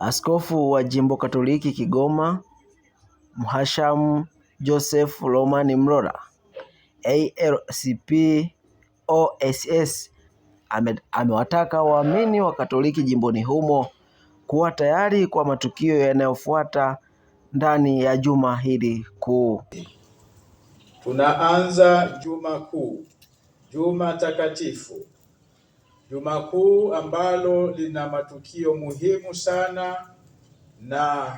Askofu wa Jimbo Katoliki Kigoma Mhashamu Joseph Roman Mlora ALCP OSS amewataka waamini wa Katoliki jimboni humo kuwa tayari kwa matukio yanayofuata ndani ya juma hili kuu. Tunaanza juma kuu, juma takatifu Juma Kuu ambalo lina matukio muhimu sana na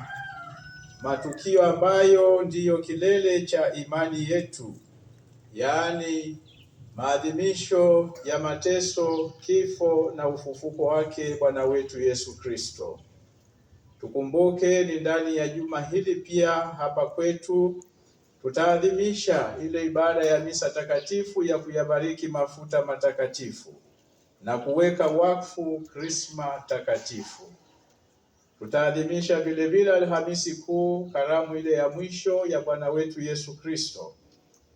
matukio ambayo ndiyo kilele cha imani yetu, yaani maadhimisho ya mateso, kifo na ufufuko wake Bwana wetu Yesu Kristo. Tukumbuke ni ndani ya juma hili pia hapa kwetu tutaadhimisha ile ibada ya misa takatifu ya kuyabariki mafuta matakatifu na kuweka wakfu Krisma takatifu. Tutaadhimisha vilevile Alhamisi Kuu karamu ile ya mwisho ya Bwana wetu Yesu Kristo,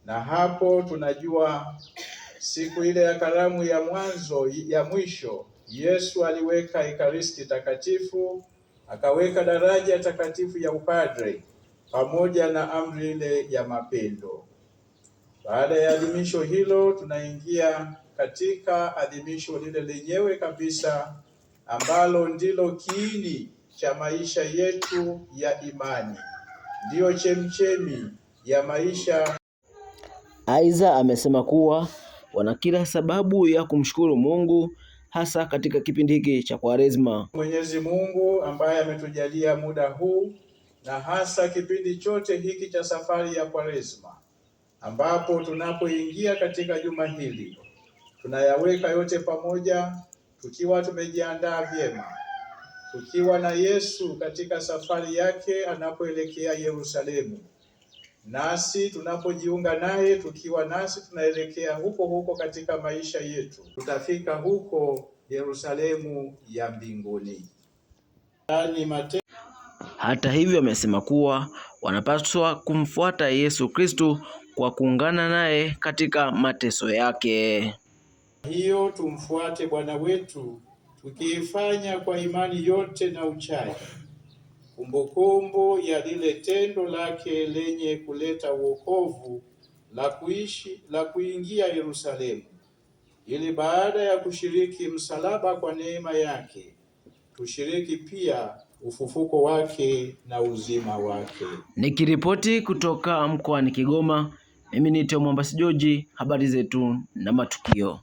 na hapo tunajua siku ile ya karamu ya mwanzo ya mwisho Yesu aliweka Ekaristi takatifu, akaweka daraja takatifu ya upadre pamoja na amri ile ya mapendo. Baada ya adhimisho hilo, tunaingia katika adhimisho lile lenyewe kabisa ambalo ndilo kiini cha maisha yetu ya imani, ndiyo chemchemi ya maisha. Aidha, amesema kuwa wana kila sababu ya kumshukuru Mungu hasa katika kipindi hiki cha Kwaresma. Mwenyezi Mungu ambaye ametujalia muda huu na hasa kipindi chote hiki cha safari ya Kwaresma ambapo tunapoingia katika juma hili tunayaweka yote pamoja, tukiwa tumejiandaa vyema, tukiwa na Yesu katika safari yake anapoelekea Yerusalemu, nasi tunapojiunga naye, tukiwa nasi tunaelekea huko huko katika maisha yetu, tutafika huko Yerusalemu ya mbinguni. Yaani Hata hivyo amesema kuwa wanapaswa kumfuata Yesu Kristo kwa kuungana naye katika mateso yake. Hiyo tumfuate Bwana wetu tukiifanya kwa imani yote na uchaji, kumbukumbu ya lile tendo lake lenye kuleta wokovu la kuishi la kuingia Yerusalemu, ili baada ya kushiriki msalaba kwa neema yake tushiriki pia ufufuko wake na uzima wake. Nikiripoti kutoka mkoani Kigoma, mimi ni Tomo Mwambasi habari zetu na matukio.